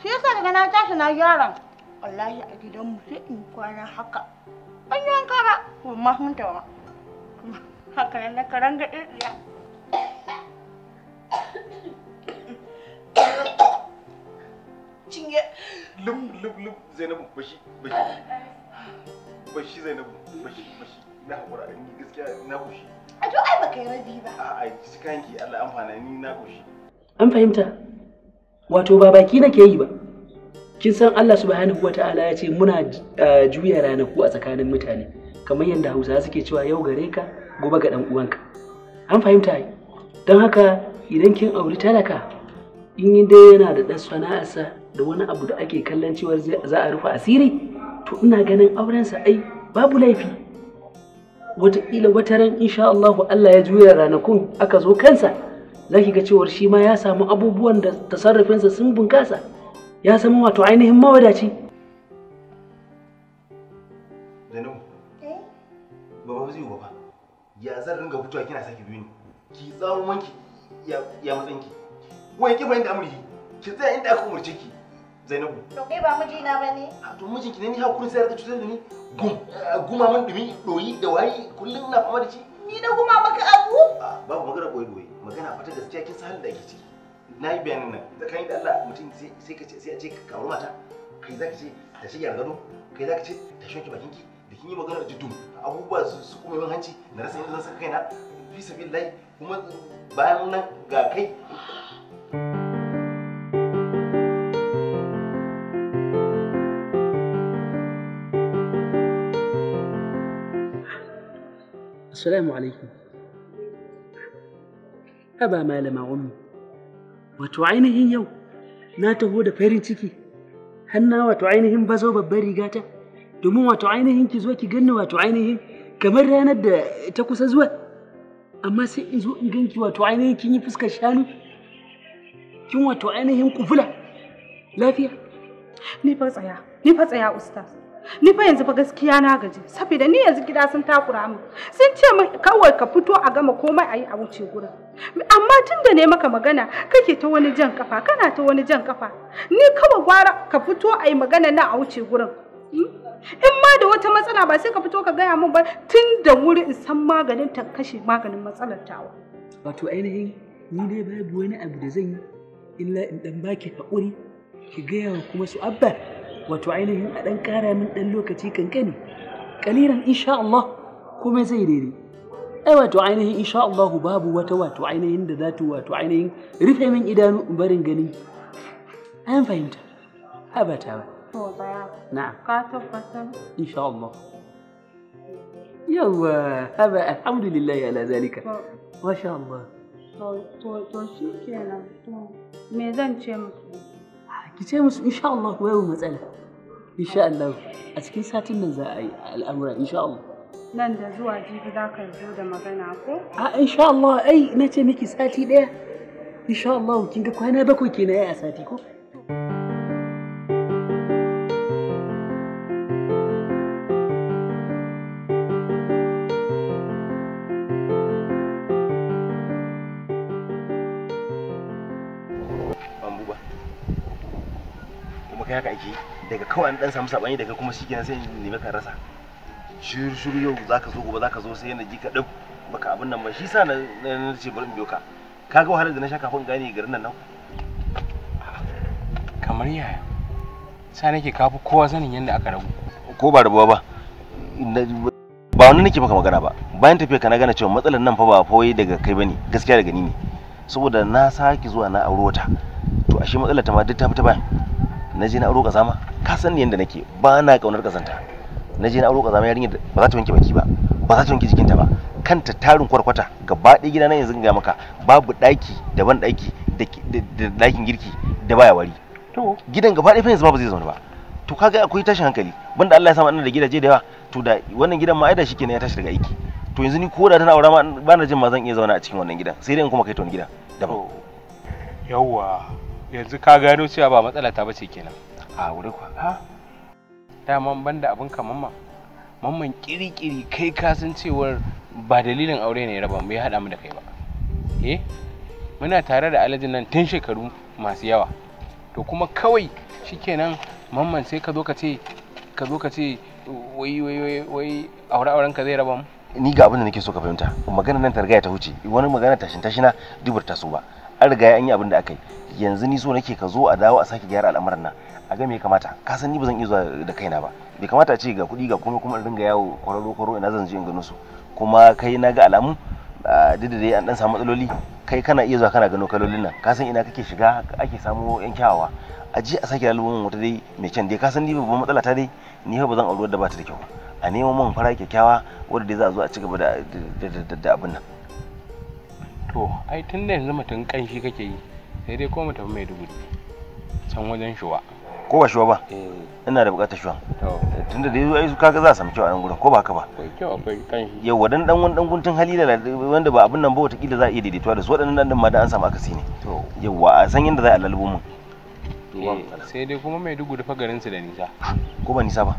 shi yasa daga na tashi na gyara wallahi a gidanmu sai in kwana haka yi wanka ba haka na karan cinye lum lum lum zainabu bashi bashi bashi zainabu bashi bashi na ni gaskiya na kushi a to ai baka yi rabi ba a'a Allah amfana ni na kushi an fahimta wato ba baki na ke yi ba kin san Allah subhanahu ta'ala ya ce muna eh, juya ranaku a tsakanin mutane kamar yadda hausa suke cewa yau gare ka gobe ga dan uwanka an fahimta ai don haka idan kin auri talaka in dai yana da ɗan sana'arsa da wani abu da ake kallon cewa za a rufe asiri to ina ganin aurensa ai babu laifi wataƙila wataran insha Allah Allah ya juya ranakun aka zo kansa za ki ga cewar shi ma ya samu abubuwan da tasarrufinsa sun bunkasa ya samu wato ainihin mawadaci Zainabu eh? ba ba zai ba ya zan ringa fitowa kina saki biyu ne ki tsawo manki ya matsayin ki wai ki da amuri ki tsaya inda aka umurce ki Zainabu to kai ba mijina bane a to mijinki ne ni hakurin sai ka cutar da ni gum guma man dumi doyi da wayi kullum na fama da shi Ni na kuma maka abu? Ah, babu magana boye boye. Magana fata gaskiya kin san da ake ciki. Na yi bayanin nan. Da da Allah mutum sai ka ce sai a ce ka kawo mata. Kai za ka ce ta shi gado. Kai za ka ce ta shoki ki Da kin yi magana da jiddu. Abubuwa su kuma min hanci. Na rasa yadda zan saka kaina. Fi sabilillahi kuma bayan nan ga kai السلام عليكم أبا ما لما أمي wato ainihin yau na taho da farin ciki hanna wato ainihin bazo babbar rigata domin wato ainihin ki zo ki ganni wato ainihin kamar ranar da ta kusa zuwa amma sai in zo in ganki wato ainihin kin yi fuskar shanu kin wato ainihin kufula lafiya ni fa tsaya ni fa tsaya ustaz ni fa yanzu fa gaskiya na gaji saboda ni yanzu gida sun takura min sun ce min kawai ka fito a gama komai ayi a wuce gurin amma tunda ne maka magana kake ta wani jan kafa kana ta wani jan kafa ni kawai gwara ka fito ayi magana na a wuce gurin hmm? in ma da wata matsala ba sai ka fito ka gaya min ba tun wuri in san maganin ta kashe maganin matsalar tawa wato ainihin ni dai babu wani abu da zan yi illa in dan baki haƙuri ki gaya wa kuma su abba wato ainihin a ɗan ƙara min ɗan lokaci kankani ƙalilan insha Allah komai zai daidai ai wato ainihin insha Allah babu wata wato ainihin da za ta wato ainihin rufe min idanu in barin gani an fahimta habata ba na'am ka tabbatar insha Allah yawa alhamdulillah ala zalika Allah to shi kenan me zan ce musu ki ce musu insha Allah babu matsala insha Allah a cikin satin nan za a yi al'amura insha Allah nan da zuwa jibi za ka zo da magana ko a insha Allah ai na ce miki sati daya insha Allah kin ga kwana bakwai kenan a sati ko kai haka ake daga kawai an dan samu sabani daga kuma shikenan sai in nemi ka rasa shiru shiru yau zaka zo gobe zaka zo sai na ji ka dab baka abin nan ba shi sa na ce bari in biyo ka kaga wahalar da na sha kafin gane garin nan nan kamar yaya sai nake kafi kowa sanin yadda aka rabu ko ba rabuwa ba ba wani nake maka magana ba bayan tafiya ka na gane cewa matsalar nan fa ba fawai daga kai bane gaskiya daga ni ne saboda na sake zuwa na aure wata to ashe matsalar ta ma duk ta fita bayan na je na kaza ma ka san ni yanda nake ba na kaunar kazanta na je na kaza ma yarinya ba za ta wanke baki ba ba za ta wanke jikinta ba kanta tarin kwarkwata gaba ɗaya gida na yanzu ga maka babu ɗaki daban ɗaki da ɗakin girki da baya wari to gidan gaba ɗaya yanzu babu zai zauna ba to kaga akwai tashin hankali banda Allah ya mana da gidaje da yawa to da wannan gidan ma ai da shikenan ya tashi daga aiki to yanzu ni ko da tana aura ma ba na jin ma zan iya zauna a cikin wannan gidan sai dai in kuma kai ta wani gidan daban yawwa yanzu ka gano cewa ba matsala ta bace kenan a wuri kwa ha ban banda abin ka mamma mamman kirikiri kai ka san cewar ba dalilin aure ne raba mu ya hada mu da kai ba eh muna tare da alhaji nan tun shekaru masu yawa to kuma kawai shikenan mamman sai ka zo ka ce ka zo ka ce wai wai wai wai aure auren ka zai raba mu ni ga abin da nake so ka fahimta magana nan ta riga ta huce wani magana tashin tashina dubar ta so ba an riga an yi abin da aka yi yanzu ni so nake ka zo a dawo a sake gyara al'amuran nan a ga me ya kamata ka san ni ba zan iya zuwa da kaina ba bai kamata a ce ga kuɗi ga komai kuma in ringa yawo kwararo kwararo ina zan je in gano su kuma kai na ga alamu duk da dai an dan samu matsaloli kai kana iya zuwa kana gano kalolin nan ka san ina kake shiga ake samu yan kyawawa a je a sake lalubin wata dai mai kyan dai ka san ni ba babban matsala ta dai ni ba zan auri da ba ta da kyau a neman mun fara kyakkyawa wanda dai za a zo a ci gaba da abin nan to ai tun da yanzu mutum kanshi kake yi sai dai ko mu tafi maiduguri can wajen shuwa ko ba shuwa ba eh. ina da bukatar shuwa tunda da yazo su kaga za a samu kyau a nan gurin ko ba haka ba akwai yau wadan dan wani dan guntun hali da wanda ba abin nan ba wata kila za a iya daidaituwa da su wadannan dan din ma da an samu akasi ne to a san yadda za a lalubo mu eh, sai dai kuma maiduguri fa garin su da nisa ko ba nisa ba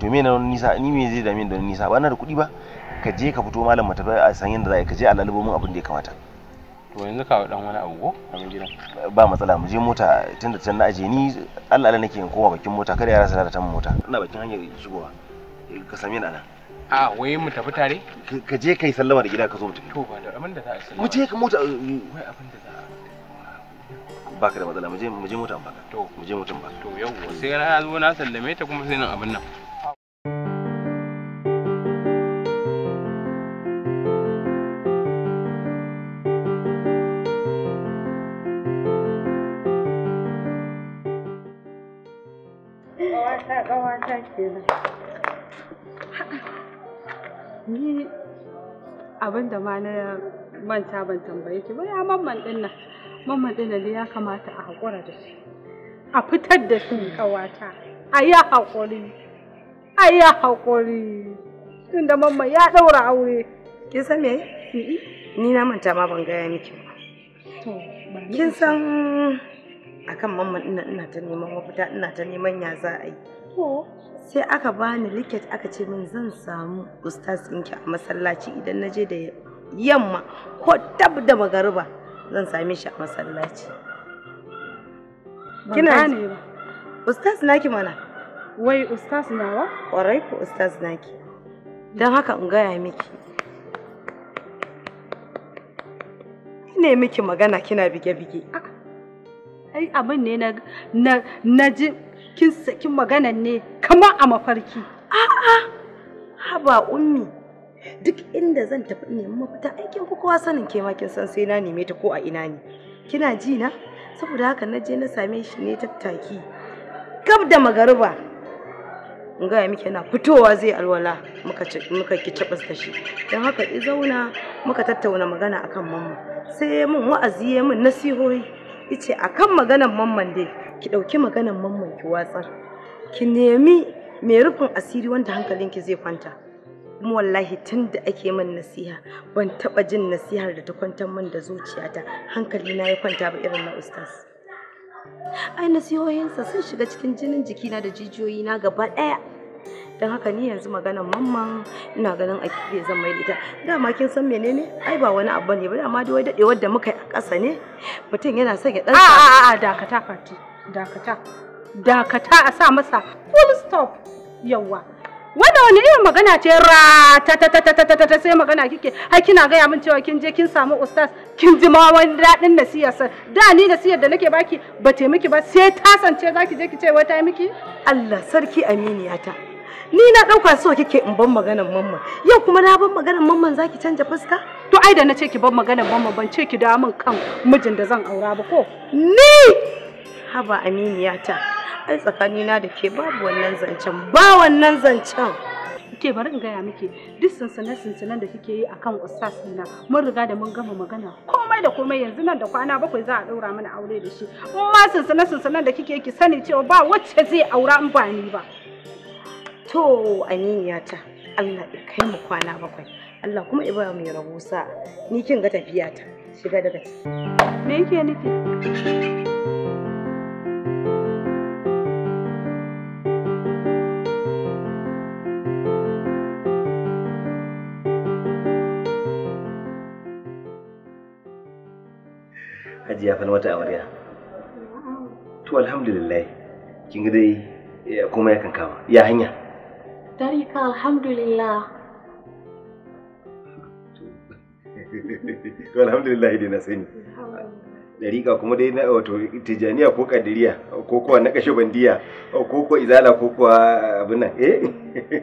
to me na nisa ni me zai dame da nisa ba na da kuɗi ba ka je ka fito malam mata a san yadda za a ka a lalubo mun abin da ya kamata to yanzu kawo dan wani abu ko abin gidan ba matsala mu je mota tunda can na aje ni Allah Allah nake in koma bakin mota kada yara su da tan mota ina bakin hanyar shigowa ka same ni anan a wai mu tafi tare ka je kai sallama da gida ka zo mu tafi to ba da abin da za a sallama mu je ka mota uh, uh, wai abin da za a baka da matsala mu je mu je mota an baka to mu je mutum an baka to yau sai na zo na sallame ta kuma sai nan abin nan mata ni abin da ma na manta ban tambaye ki ba ya mamman din nan mamman din nan ya kamata a haƙura da shi a fitar da su kawata a yi haƙuri a yi haƙuri da mamman ya ɗaura aure kin san me ni na manta ma ban gaya miki ba kin san akan mamman ina ina ta neman mafita ina ta neman ya za a yi sai aka bani liket aka ce min zan samu ustaz ɗinki a masallaci idan na je da yamma ko tab da magariba zan same shi a masallaci kina ne ba ustaz naki mana wai ustaz nawa ƙwarai ko ustaz naki don haka in gaya miki ne miki magana kina bige-bige ai abin ne na ji kin saki maganan ne kamar a mafarki. A'a, haba ummi. Duk inda zan tafi neman mafita aikin ku kowa sanin ke ma kin san sai na neme ta ko a ina ne. Kina ji na? Saboda haka na je na same shi ne tattaki. Gab da magariba. In gaya miki yana fitowa zai alwala muka muka ki da shi. Don haka i zauna muka tattauna magana akan mamma. Sai mun wa'azi mun nasihohi. Ice akan maganan mamman dai ki ɗauki maganan mamman ki watsar ki nemi mai rufin asiri wanda hankalinki zai kwanta kuma wallahi tun da ake min nasiha ban taɓa jin nasihar da ta kwantar min da zuciyata na ya kwanta ba irin na ustaz ai nasihohinsa sun shiga cikin jinin jikina da jijiyoyina gaba ɗaya don haka ni yanzu maganan mamman ina ganin a zan zama ita dama kin san menene ai ba wani abu ne ba dama dai wai dadewar da muka yi a ƙasa ne mutum yana son ya dan a a a dakata fati dakata dakata a sa masa full stop yawa wannan wani irin magana ce ra ta ta ta ta ta ta ta sai magana kike har kina gaya min cewa kin je kin samu ustaz kin ji ma wani daɗin nasiyarsa da ni nasiyar da nake baki ba te miki ba sai ta sance zaki je ki ce wai ta miki Allah sarki aminiyata ni na ɗauka so kike in ban maganar mamma yau kuma na ban maganar mamman zaki canja fuska to ai da na ce ki ban maganar mamman ban ce ki da min kan mijin da zan aura ba ko ni haba aminiyata ai tsakanina da ke babu wannan zancen ba wannan zancen ke bari in gaya miki duk sansanin sansanin da kike yi akan ustaz dina mun riga da mun gama magana komai da komai yanzu nan da kwana bakwai za a daura mana aure da shi mun ma sansanin sansanin da kike ki sani cewa ba wacce zai aura in ba ni ba to aminiyata Allah ya kai mu kwana bakwai Allah kuma ya ba mu ya rabu sa, ni kin ga ta, shiga daga ciki me yake nufi hajiya falmata amarya to alhamdulillah kin ga dai eh, komai ya kama ya hanya tarika alhamdulillah to alhamdulillah dai na sani dariƙa kuma dai na wato tijaniya ko kadiriya ko kuwa na kashe bandiya ko kuwa izala ko kuwa abin nan eh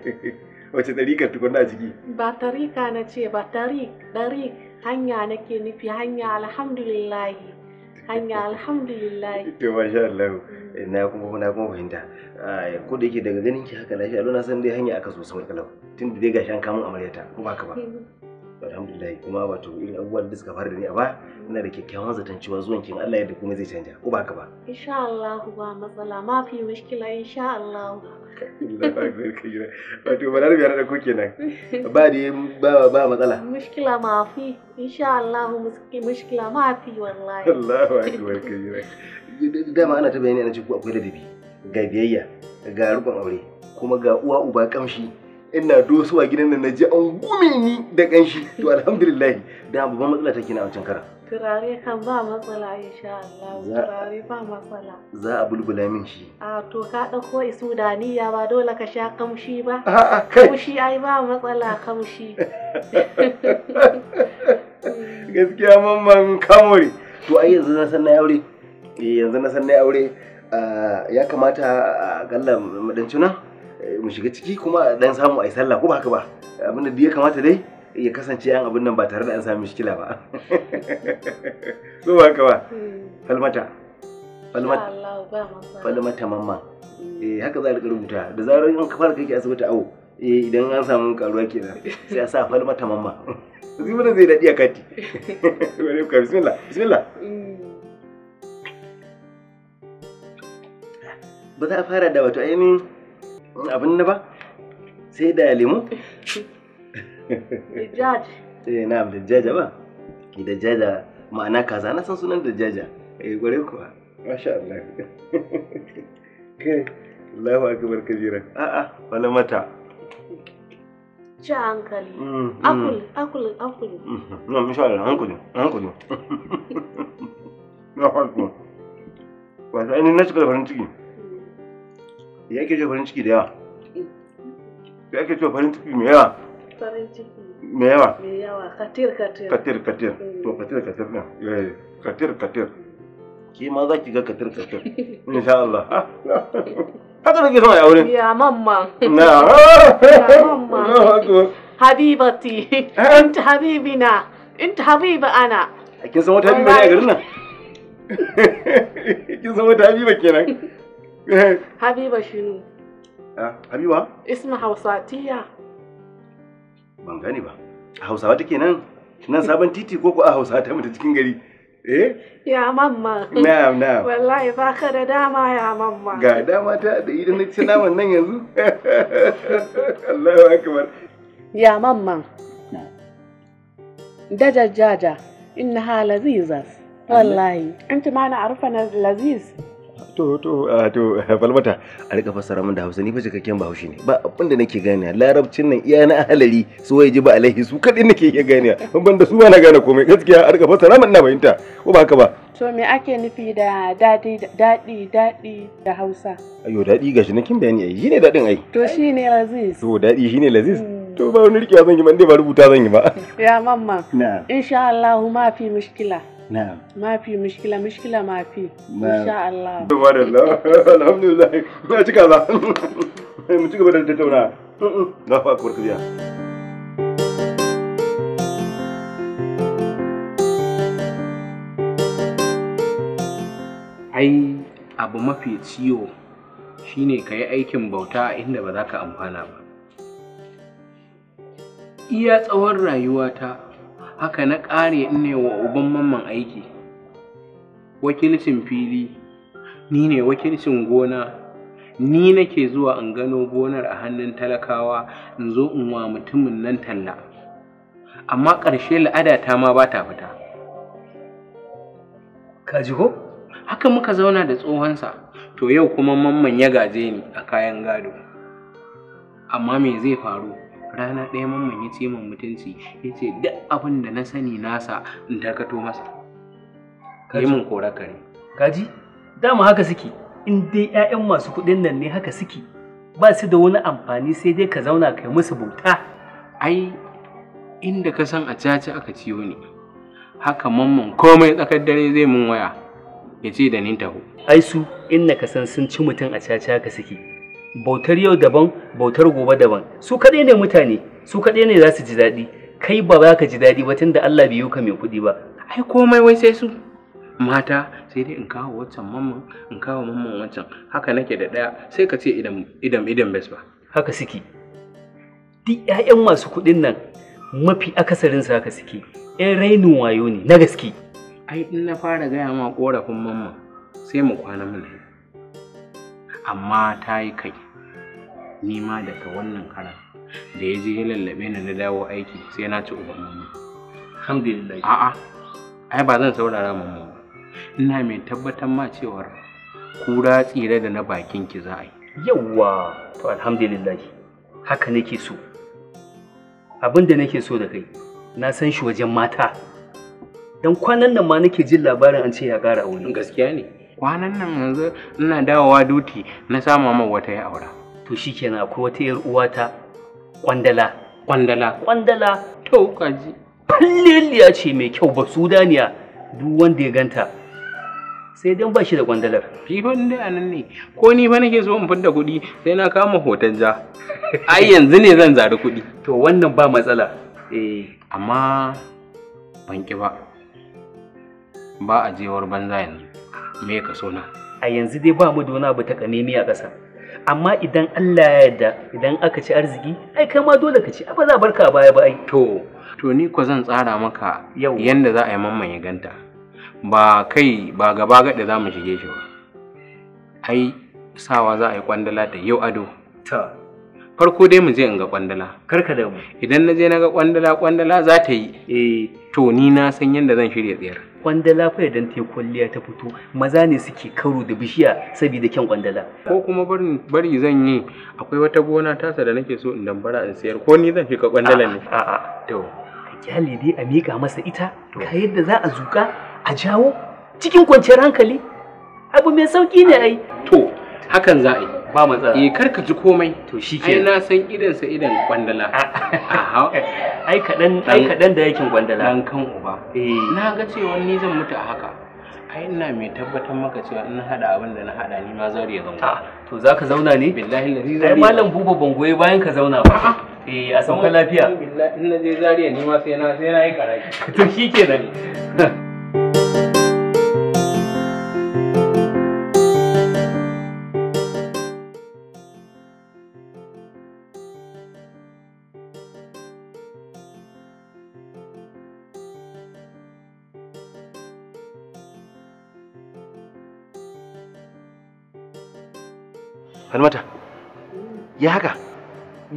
wace dariƙar tukunna a ciki ba tarika na ce ba tarik darik hanya nake nufi hanya alhamdulillahi hanya alhamdulillahi to masha Allah ina kuma kuna kuma fahimta ko da yake daga ganin ki haka lafiya lona san dai hanya aka so sai kalau tun da dai gashi an kamo amaryata ko ba ka ba alhamdulillah kuma wato irin abubuwan da suka faru da ni a baya ina da kyakkyawan zaton cewa zuwan kin Allah yadda kuma zai canja ko ba ka ba insha Allah ba matsala ma fi mushkila insha Allah wato ba larabi da ku kenan ba da ba ba matsala mushkila ma fi insha Allah mushkila ma fi wallahi Allahu akbar kabira dama ana ta bayani ana ce ku akwai ladabi ga biyayya ga rubun aure kuma ga uwa uba kamshi ina dosuwa gidan nan naji an gume ni da kanshi to alhamdulillah da ba matsala take na wancan karan turare kan ba matsala insha Allah turare ba matsala za a bulbula min shi a to ka dauko isu daniya ba dole ka sha kamshi ba kamshi ai ba matsala kamshi gaskiya mamman kamori to ai yanzu na san na aure eh, yanzu na san na aure ah, ya kamata a galla madancuna mu shiga ciki kuma dan samu ai sallah ko ba haka ba abin da ya kamata dai ya kasance yan abin nan ba tare da an samu mishkila ba ko ba haka ba hmm. falmata falmata falmata mamma hmm. eh haka za ka rubuta da zarar in ka fara kake asibiti awo eh idan an samu karuwa kenan sai a sa falmata mamma zai mana zai dadi a kati bismillah bismillah hmm. ba za a fara da wato ainihin abin na ba sai da limu dajjaj eh na'am dajjaja ba ki dajjaja ma'ana kaza na san sunan dajjaja eh gore kuwa masha Allah ke Allahu akbar kabira a a wala mata ci hankali mm, mm. akul akul akul mm, na masha Allah hankali hankali na hankali wato ainihin na shiga da farin ciki Ya ke ce farin ciki da yawa? Ya ke ce farin ciki mai yawa? Mai yawa? katir katir. Katir eh. To katir katir ɗin. Eh, katir katir. Ke ma za ki ga katir katir. Insha Allah. Haka da ke sama ya aure. Ya mamma. Na. Ya mamma. Habibati. Eh? Inta habibina. Inta habiba ana. Kin san wata habiba ne a garin nan? Kin san wata habiba kenan. Habiba Shinu. Ah, Habiba? Isma Hausatiya. Ban gani ba. Hausawa take nan? Nan sabon titi ko ko a Hausawa ta mata cikin gari? Eh? Ya mamma. Na'am na'am. Wallahi ba ka da dama ya mamma. Ga dama ta da idan na ci naman nan yanzu. Allahu akbar. Ya mamma. Dajajjaja. Innaha lazizas. Wallahi. Anti ma na arfa na to to a to falmata a rika fassara min da hausa ni fa cikakken bahaushe ne ba abin da nake gane larabcin nan iya na halali su waye ji ba alaihi su kadai nake ke gane ban da su ba na gane komai gaskiya a rika fassara min na bayinta ko ba haka ba to me ake nufi da dadi dadi dadi da hausa ayo daɗi gashi na kin bayani ai shine dadin ai to shine laziz to daɗi shine laziz mm. to ba wani rikewa zan yi ba ne ba rubuta zan yi ba ya mamma insha Allah ma fi mushkila na'am ma fi mushkila mushkila ma fi insha Allah subhanallah abu mafi ciwo shine ka yi aikin bauta inda ba za ka amfana ba iya tsawon rayuwata haka na ƙare ne wa uban mamman aiki wakilcin fili ni ne wakilcin gona ni nake zuwa in gano gonar a hannun talakawa in zo in wa mutumin nan talla amma ƙarshe la'ada ta ma ba ta fita ka ji ko haka muka zauna da tsohonsa to yau kuma mamman ya gaje ni a kayan gado amma me zai faru rana ɗaya mamman ya ce min mutunci ya ce duk abin da na sani nasa in dakato masa yi mun kora kare kaji dama haka suke in dai 'ya'yan masu kuɗin nan ne haka suke ba su da wani amfani sai dai ka zauna kai musu bauta ai inda ka san a caca aka ciwo ne haka mamman komai tsakar dare zai mun waya ya ce da ni taho ai su inda ka san sun ci mutum a caca haka suke bautar yau daban bautar gobe daban su kaɗai ne mutane su kaɗai ne za su ji daɗi kai ba za ka ji daɗi ba tunda Allah bai ka mai kuɗi ba ai komai wai sai su mata sai dai in kawo wancan mamman in kawo mamman wancan haka nake da ɗaya sai ka ce idan idan idan bes ba haka suke duk ƴaƴan masu kuɗin nan mafi akasarin su haka suke ƴan rainin wayo ne na gaske ai in na fara gaya ma ƙorafin mamman sai mu kwana mu amma ta yi kai ni ma daga wannan kara da ya je ya lallabe na na dawo aiki sai na ci uban mama alhamdulillah a'a ai ba zan saurara mamu ba ina mai tabbatar ma cewar kura tsire da na bakin ki za a yi yawwa to alhamdulillah haka nake so abin da nake so da kai na san shi wajen mata dan kwanan nan ma nake jin labarin an ce ya ƙara aure gaskiya ne kwanan nan yanzu ina dawowa duti na sama ma wata ya aura to shi kenan ko wata yar uwata kwandala kwandala kwandala to kaji falleliya ce mai kyau ba sudaniya duk wanda ya ganta sai dan ba shi da kwandalar shi fa a nan ne ko ni fa nake so in fidda kuɗi sai na kama hoton ja ai yanzu ne zan zari kuɗi to wannan ba matsala eh amma ban ki ba ba a jewar banza yanzu me ka so na a yanzu dai ba mu da wani abu ta kanemi a ƙasa amma idan Allah ya yarda idan aka ci arziki ai kai ma dole ka ci ba za barka baya ba ai to to ni ko zan tsara maka yanda za a yi mamman ya ganta ba kai ba gaba gaɗa za mu shige shi ba ai sawa za a yi kwandala ta yau ado ta farko dai mu je in ga kwandala karka da mu idan na je na ga kwandala kwandala za ta yi eh to ni na san yanda zan shirya tsayar kwandala fa idan ta kwalliya ta fito maza ne suke karo da bishiya saboda kyan kwandala ko kuma bari zan yi akwai wata gona tasa da nake so in dambara in sayar ko ni zan fika kwandala ne a'a to kyale dai a mika masa ita ka yadda za a zuka a jawo cikin kwanciyar hankali abu mai sauki ne ai to hakan za a yi ba matsala eh kar ka ji komai to shike ai na san idan sa idan kwandala ah. aha ai kadan ai kadan da yakin kwandala dan kan uba eh. eh na ga cewa ni zan mutu a haka ai ina mai tabbatar maka cewa in hada abin da na hada ni ma zari ya zama ah. to zaka zauna ne billahi lazi zari ai mallam buba bangoye bayan ka zauna ba ah. eh a sauka lafiya billahi in na je zariya ni ma sai na sai na yi karaki to shikenan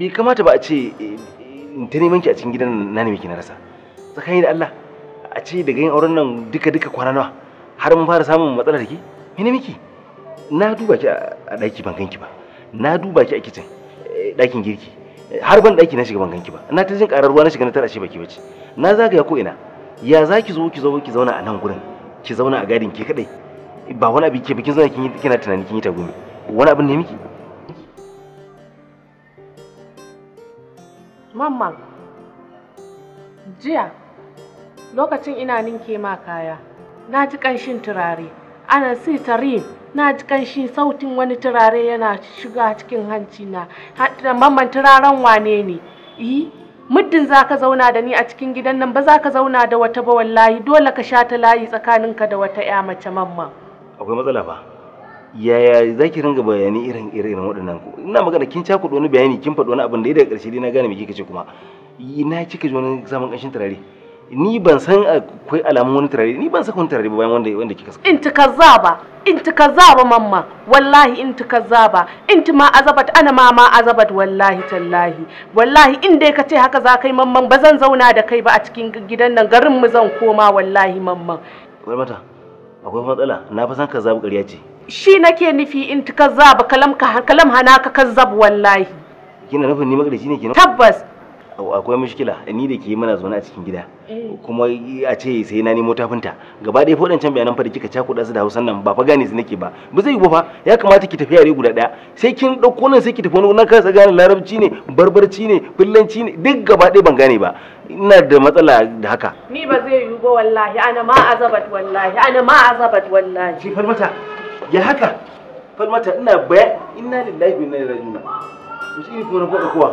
bai kamata ba a ce eh, ta neman ki a cikin gidan na ne miki na rasa tsakani da Allah a ce daga yin auren nan duka duka kwana nawa har mun fara samun matsala da ke mene miki na duba ki a daki ban ganki ba na duba ki a kitchen dakin eh, girki har ban daki na shiga ban ganki ba na ta jin karar ruwa na shiga na tara shi baki bace na zagaya ko ina ya za ki zo ki zo ki zauna a nan gurin ki zauna a gadin ke kadai ba wani abin ke kin zauna kin kina tunani kin yi tagumi wani abin ne miki Mamman, jiya lokacin ina ninke ma kaya, na ji ƙanshin turare, ana si tarim, na ji ƙanshin sautin wani turare yana shiga cikin hanci na. Mamman turaren wane ne? Yi, muddin za ka zauna da ni a cikin gidan nan ba za ka zauna da wata ba wallahi dole ka sha ta layi tsakaninka da wata 'ya mace mamman. Akwai matsala ba? yaya za ki ringa bayani irin irin waɗannan ko ina magana kin ca wani bayani kin faɗi wani abin da ya daga ƙarshe na gane me kika ce kuma ina kika ji wani samun ƙanshin turare ni ban san akwai alamun wani turare ni ban san wani turare ba bayan wanda wanda kika san in ta kazzaba in ta kazzaba mamma wallahi in ta kazzaba in ta ma azabat ana ma ma azabat wallahi tallahi wallahi in dai ka ce haka za kai mamman ba zan zauna da kai ba a cikin gidan nan garin mu zan koma wallahi mamman wai mata akwai matsala na fa san kazzaba ƙarya ce shi nake nufi in ta ba kalam ka kalam hana ka kazzab wallahi kina nufin ni magana shine kenan tabbas akwai mushkila ni da ke mana zaune a cikin gida eh. kuma a ce sai na nemo tafinta gaba ɗaya can bayanan fadi kika cakuɗa su da hausan nan ba fa gane su nake ba ba zai yi ba ya kamata ki tafi yare guda ɗaya sai kin ɗauko nan sai ki tafi wani sa gane larabci ne barbarci ne fillanci ne duk gaba ɗaya ban gane ba ina da matsala da haka ni ba zai yiwu ba wallahi ana ma azabat wallahi ana ma azabat wallahi ki farmata ya haka falmata ina baya inna lillahi wa inna ilaihi raji'un mutum ne kuma na faɗa kowa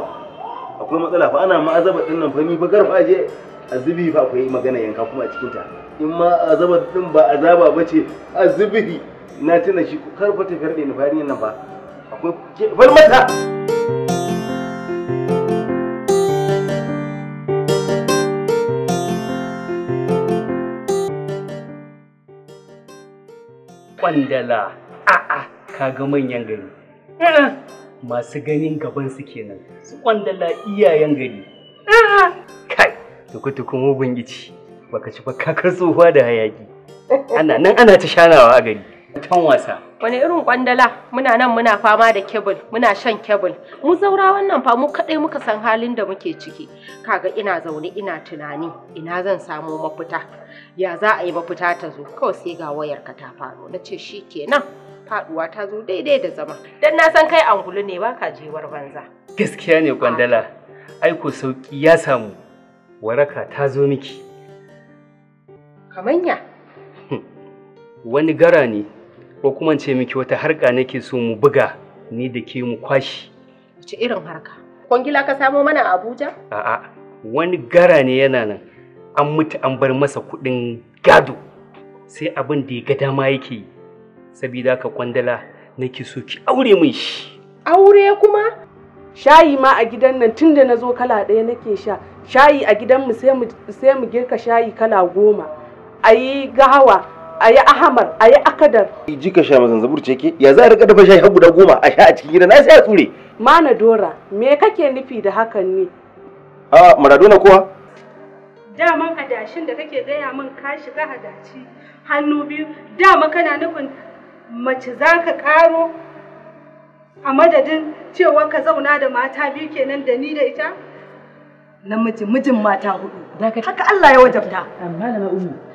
akwai matsala fa ana ma'azaba din nan fa ni fa garfa je azubi fa akwai magana yanka kuma a cikin ta in ma azaba din ba azaba bace azubi na tuna shi karfa tafiyar da ni fa nan fa akwai falmata kwandala a'a kaga manyan gari eh, masu ganin gaban su kenan su kwandala iyayen gari eh, kai tuku-tuku mugun gici baka ci ba kakar tsohuwa da hayaki ana nan ana ta shanawa a gari kan wasa. Wani irin kwandala muna nan muna fama da kebul muna shan kebul mu zaura wannan fa mu kaɗai muka san halin da muke ciki kaga ina zaune ina tunani ina zan samo mafita ya za a yi mafita ta zo kawai sai ga wayar ka ta faro na ce shi kenan faɗuwa ta zo daidai da zama dan na san kai angulu ne ba ka jewar banza. Gaskiya ne kwandala aiko sauki ya samu waraka ta zo miki. Kamanya. Wani gara ne ko kuma ce miki wata harka nake so mu buga ni da ke mu kwashi wace irin harka kwangila ka samo mana a abuja a'a wani gara ne yana nan an mutu an bar masa kuɗin gado sai abin da ya ga dama yake yi sabida ka kwandala nake so ki aure min shi aure kuma shayi ma a gidan nan tun da na zo kala ɗaya nake sha shayi a gidanmu sai mu girka shayi kala goma Ayi gahawa a yi ahamar a yi akadar ji ka sha mazanzabur ce ke ya za a rika dafa shayi har guda goma a sha a cikin gida na sai a tsure mana dora me kake nufi da hakan ne a maradona kuwa daman adashin da kake gaya min ka shiga adashi hannu biyu dama kana nufin mace za ka karo a madadin cewa ka zauna da mata biyu kenan da ni da ita namiji mijin mata hudu haka Allah ya wajabta amma malama ma'umu